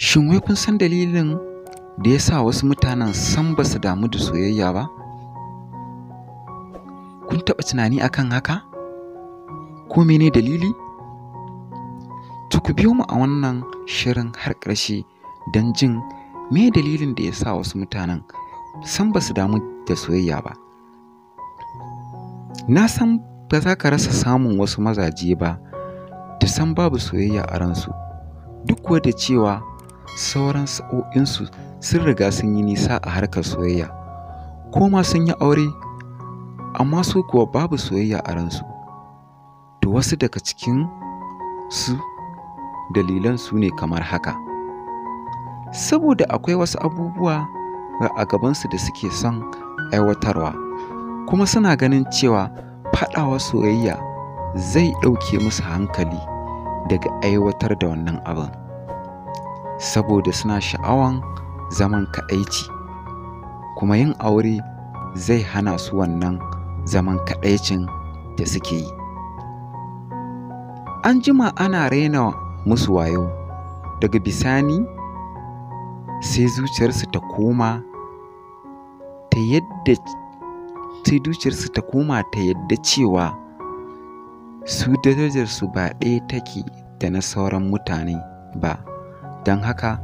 Shin wai kun san dalilin da ya sa wasu mutanen san ba su damu da soyayya ba? Kun taɓa tunani a kan haka? Ko mene dalili? Tuku biyu biyo mu a wannan shirin har ƙarshe don jin me dalilin da ya sa wasu mutanen san ba su damu da soyayya ba. Na san ba za ka rasa samun wasu mazaje ba da san babu soyayya a ransu, duk da cewa sauran sa'o'insu sun riga sun yi nisa a harkar soyayya ko ma sun yi aure amma su kuwa babu soyayya a ransu to wasu daga cikin su dalilan su ne kamar haka saboda akwai wasu abubuwa a gabansu da suke son aiwatarwa kuma suna ganin cewa faɗawa soyayya zai ɗauke musu hankali daga aiwatar da wannan abin saboda suna sha'awan zaman kaɗaici kuma yin aure zai hana su wannan zaman kaɗaicin da suke yi an jima ana raina musu wayo daga bisani sai zuciyarsu ta koma ta yadda sai zuciyarsu ta koma ta yadda cewa su darajarsu ba ɗaya take da na sauran mutane ba don haka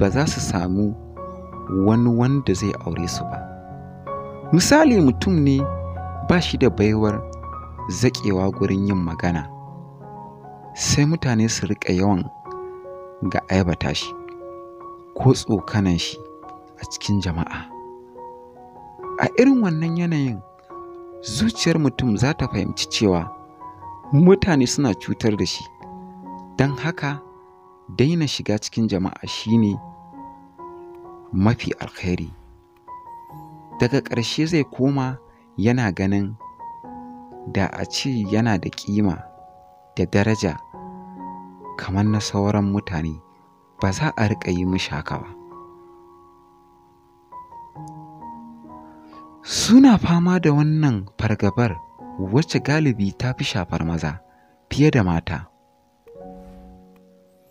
ba za su samu wani wanda zai aure su ba misali mutum ne ba shi da baiwar zaƙewa gurin yin magana sai mutane su riƙa yawan ga aibata shi ko tsokanan shi a cikin jama'a a irin wannan yanayin zuciyar mutum za ta fahimci cewa mutane suna cutar da shi don haka daina shiga cikin jama'a shine mafi alkhairi daga ƙarshe zai koma yana ganin da a ce yana da ƙima da daraja kamar na sauran mutane ba za a riƙa yi mishi shaka ba suna fama da wannan fargabar wacce galibi ta fi shafar maza fiye da mata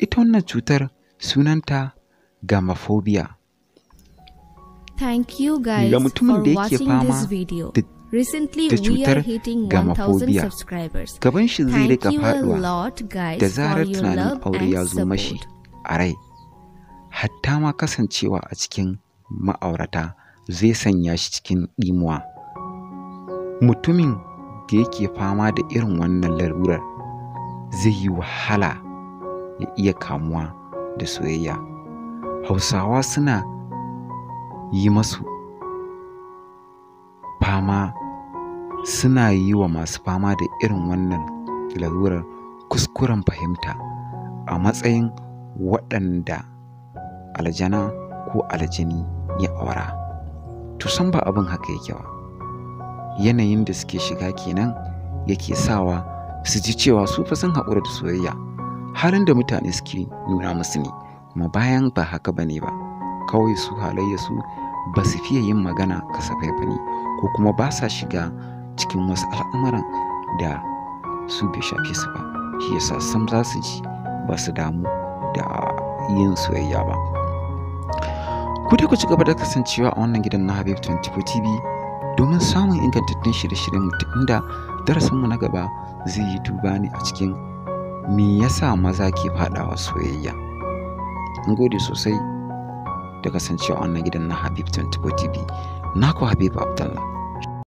ita wannan cutar sunanta gamophobia thank you guys ga mutumin da yake fama da Recently, we Gaban shi zai rika faduwa da zarar tunanin aure ya zo mashi a rai. Hatta ma kasancewa a cikin ma'aurata zai sanya shi cikin ɗimuwa. Mutumin da yake fama da irin wannan larurar zai yi wahala ya iya kamuwa da soyayya hausawa suna yi masu fama suna yi wa masu fama da irin wannan lalurar kuskuren fahimta a matsayin waɗanda aljana ko aljini ya aura to san ba abin haka yake ba yanayin da suke shiga kenan yake sawa su ji cewa su fa sun haƙura da soyayya halin da mutane suke nuna musu ne kuma bayan ba haka ba ne ba kawai su halayya su ba su fiye yin magana kasafai ba ne ko kuma ba sa shiga cikin wasu al'amuran da su bai shafe su ba shi yasa sam za su ji ba su damu da yin soyayya ba ku ku ci gaba da kasancewa a wannan gidan na habib 24 tv domin samun ingantattun shirye-shiryen mutum inda darasinmu na gaba zai yi duba ne a cikin me yasa maza ke faɗawa soyayya An gode sosai da kasancewa wannan gidan na habib 24 tv naku habib Abdullahi.